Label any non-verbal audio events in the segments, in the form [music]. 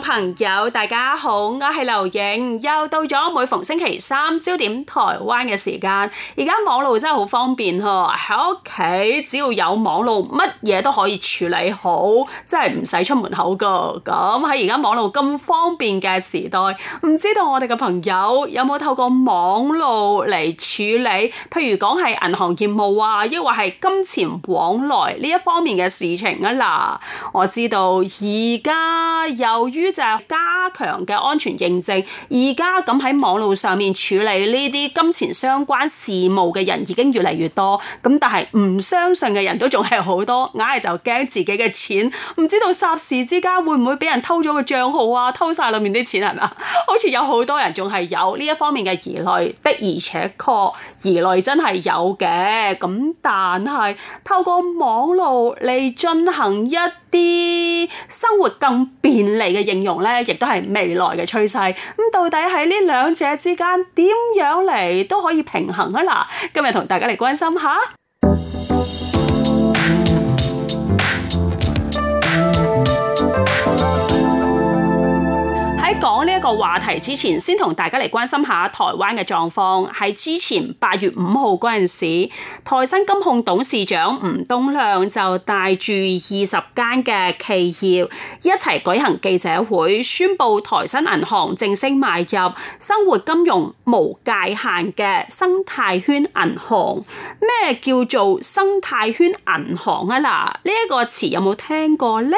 朋友，大家好，我係劉影，又到咗每逢星期三焦點台灣嘅時間。而家網絡真係好方便嗬，喺屋企只要有網絡，乜嘢都可以處理好，真係唔使出門口噶。咁喺而家網絡咁方便嘅時代，唔知道我哋嘅朋友有冇透過網絡嚟處理，譬如講係銀行業務啊，抑或係金錢往來呢一方面嘅事情啊？嗱，我知道而家由於就係加強嘅安全認證，而家咁喺網絡上面處理呢啲金錢相關事務嘅人已經越嚟越多，咁但係唔相信嘅人都仲係好多，硬係就驚自己嘅錢，唔知道霎時之間會唔會俾人偷咗個賬號啊，偷晒裏面啲錢係咪啊？好似有好多人仲係有呢一方面嘅疑慮的，的，的而且確疑慮真係有嘅，咁但係透過網絡嚟進行一啲生活更便利嘅應用咧，亦都係未來嘅趨勢。咁到底喺呢兩者之間，點樣嚟都可以平衡啊？嗱，今日同大家嚟關心下。講呢一個話題之前，先同大家嚟關心下台灣嘅狀況。喺之前八月五號嗰陣時，台新金控董事長吳東亮就帶住二十間嘅企業一齊舉行記者會，宣布台新銀行正式邁入生活金融無界限嘅生態圈銀行。咩叫做生態圈銀行啊？嗱，呢一個詞有冇聽過呢？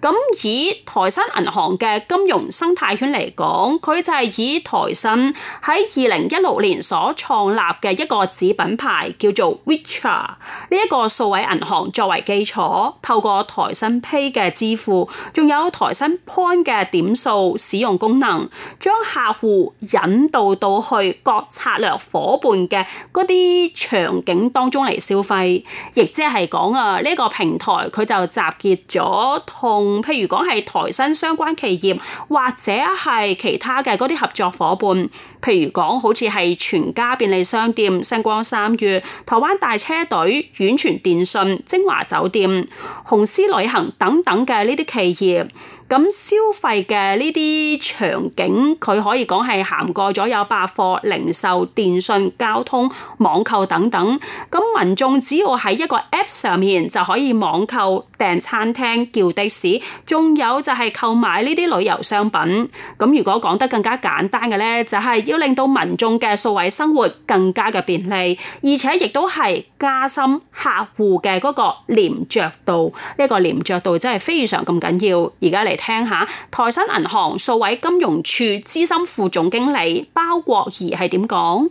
咁以台新銀行嘅金融生態派圈嚟講，佢就係以台新喺二零一六年所創立嘅一個子品牌叫做 Richart 呢一個數位銀行作為基礎，透過台新 Pay 嘅支付，仲有台新 Point 嘅點數使用功能，將客戶引導到去各策略伙伴嘅嗰啲場景當中嚟消費，亦即係講啊，呢一個平台佢就集結咗同譬如講係台新相關企業或者。第一係其他嘅嗰啲合作伙伴，譬如講好似係全家便利商店、新光三越、台灣大車隊、遠傳電信、晶華酒店、雄獅旅行等等嘅呢啲企業，咁消費嘅呢啲場景，佢可以講係涵蓋咗有百貨、零售、電信、交通、網購等等。咁民眾只要喺一個 APP 上面就可以網購、訂餐廳、叫的士，仲有就係購買呢啲旅遊商品。咁如果講得更加簡單嘅呢，就係、是、要令到民眾嘅數位生活更加嘅便利，而且亦都係加深客戶嘅嗰個黏着度。呢、這、一個黏着度真係非常咁緊要。而家嚟聽下台新銀行數位金融處資深副總經理包國儀係點講。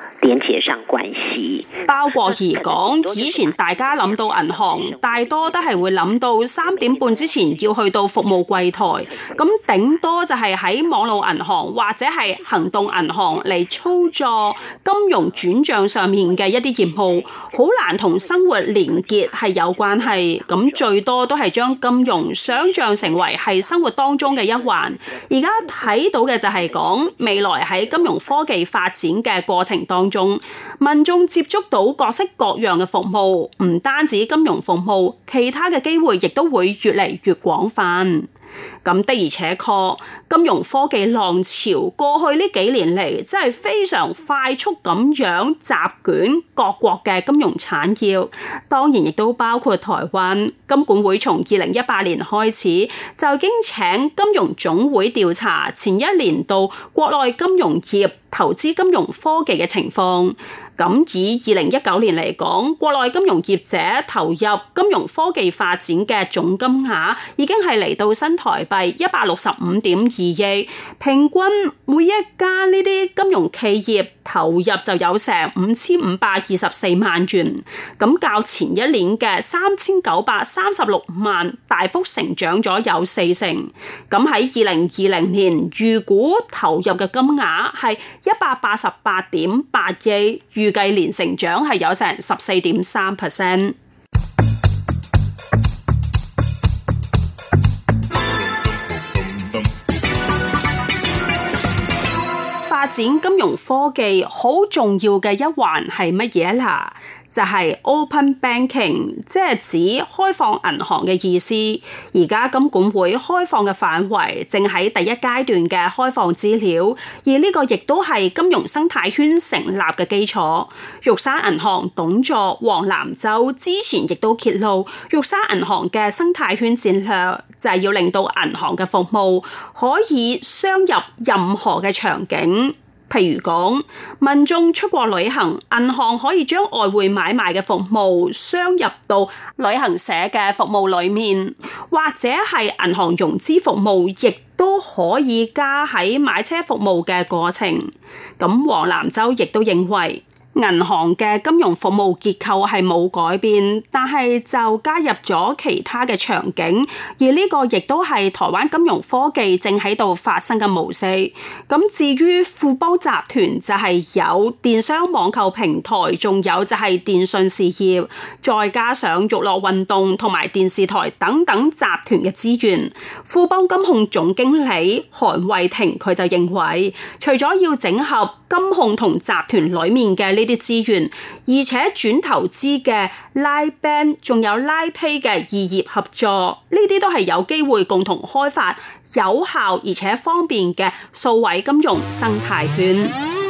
連結上關係，包括而言，以前大家諗到銀行，大多都係會諗到三點半之前要去到服務櫃台，咁頂多就係喺網絡銀行或者係行動銀行嚟操作金融轉賬上面嘅一啲業務，好難同生活連結係有關係，咁最多都係將金融想象成為係生活當中嘅一環。而家睇到嘅就係講未來喺金融科技發展嘅過程當中，民眾接觸到各式各樣嘅服務，唔單止金融服務，其他嘅機會亦都會越嚟越廣泛。咁的而且確，金融科技浪潮過去呢幾年嚟，真係非常快速咁樣席捲各國嘅金融產業，當然亦都包括台灣，金管會從二零一八年開始，就經請金融總會調查前一年度國內金融業投資金融科技嘅情況。咁以二零一九年嚟講，國內金融業者投入金融科技發展嘅總金額已經係嚟到新台幣一百六十五點二億，平均每一家呢啲金融企業投入就有成五千五百二十四萬元，咁較前一年嘅三千九百三十六萬大幅成長咗有四成。咁喺二零二零年預估投入嘅金額係一百八十八點八億。計年成長係有成十四點三 percent。發展金融科技好重要嘅一環係乜嘢啦？就係 Open Banking，即係指開放銀行嘅意思。而家金管會開放嘅範圍正喺第一階段嘅開放資料，而呢個亦都係金融生態圈成立嘅基礎。玉山銀行董座黃男州之前亦都揭露，玉山銀行嘅生態圈戰略就係要令到銀行嘅服務可以鑲入任何嘅場景。譬如講，民眾出國旅行，銀行可以將外匯買賣嘅服務，商入到旅行社嘅服務裏面，或者係銀行融資服務，亦都可以加喺買車服務嘅過程。咁黃南州亦都認為。銀行嘅金融服務結構係冇改變，但係就加入咗其他嘅場景，而呢個亦都係台灣金融科技正喺度發生嘅模式。咁至於富邦集團就係有電商網購平台，仲有就係電信事業，再加上娛樂運動同埋電視台等等集團嘅資源。富邦金控總經理韓慧婷佢就認為，除咗要整合。金控同集團裡面嘅呢啲資源，而且轉投資嘅 Line Bank，仲有 Line Pay 嘅異業合作，呢啲都係有機會共同開發有效而且方便嘅數位金融生態圈。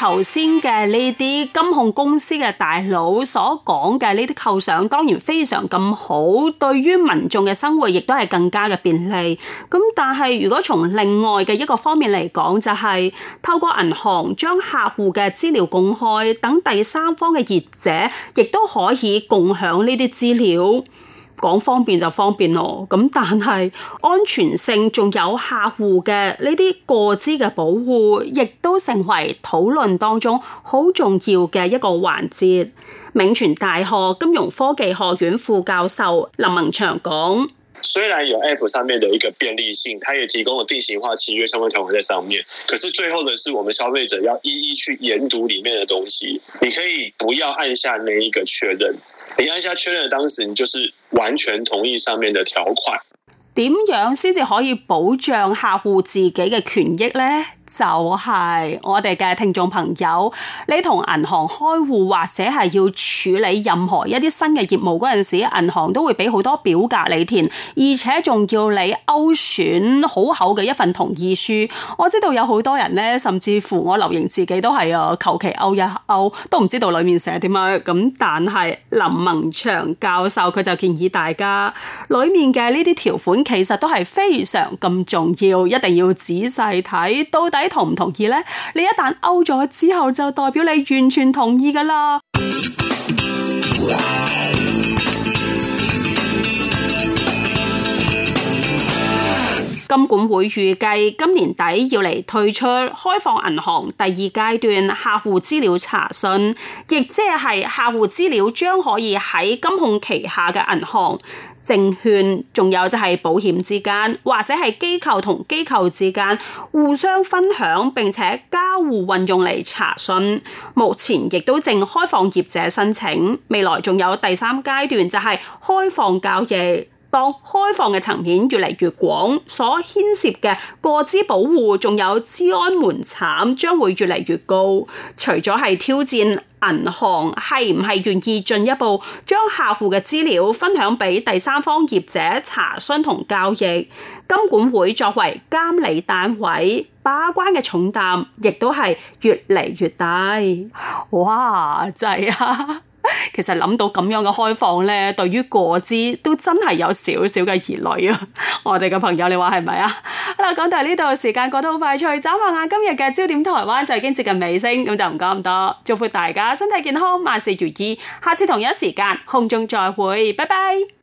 頭先嘅呢啲金控公司嘅大佬所講嘅呢啲構想，當然非常咁好，對於民眾嘅生活亦都係更加嘅便利。咁但係如果從另外嘅一個方面嚟講，就係透過銀行將客戶嘅資料公開，等第三方嘅業者亦都可以共享呢啲資料。講方便就方便咯，咁但係安全性，仲有客戶嘅呢啲個資嘅保護，亦都成為討論當中好重要嘅一個環節。銘傳大學金融科技學院副教授林文祥講：雖然有 App 上面嘅一個便利性，它也提供了定型化契約相關條款在上面，可是最後呢，是我們消費者要一一去研讀裏面嘅東西。你可以不要按下那一個確認，你按下確認當時，你就是。完全同意上面嘅條款。點樣先至可以保障客戶自己嘅權益咧？就係我哋嘅聽眾朋友，你同銀行開戶或者係要處理任何一啲新嘅業務嗰陣時銀行都會俾好多表格你填，而且仲要你勾選好厚嘅一份同意書，我知道有好多人咧，甚至乎我留意自己都係啊，求其勾一勾，都唔知道裏面寫點樣樣。咁但係林文祥教授佢就建議大家，裏面嘅呢啲條款其實都係非常咁重要，一定要仔細睇到底。都你同唔同意呢？你一旦勾咗之後，就代表你完全同意㗎喇。 [music] 金管會預計今年底要嚟推出開放銀行第二階段客戶資料查詢，亦即係客戶資料將可以喺金控旗下嘅銀行、證券，仲有就係保險之間，或者係機構同機構之間互相分享並且交互運用嚟查詢。目前亦都正開放業者申請，未來仲有第三階段就係開放交易。當開放嘅層面越嚟越廣，所牽涉嘅個資保護仲有資安門檻將會越嚟越高。除咗係挑戰銀行係唔係願意進一步將客戶嘅資料分享俾第三方業者查詢同交易，金管會作為監理單位把關嘅重擔亦都係越嚟越大。哇，真、就、係、是啊。其實諗到咁樣嘅開放咧，對於個資都真係有少少嘅疑慮啊！ [laughs] 我哋嘅朋友，你話係咪啊？好啦，講到呢度，時間過得好快脆，眨下眼今日嘅焦點台灣就已經接近尾聲，咁就唔講咁多，祝福大家身體健康，萬事如意，下次同一時間空中再會，拜拜。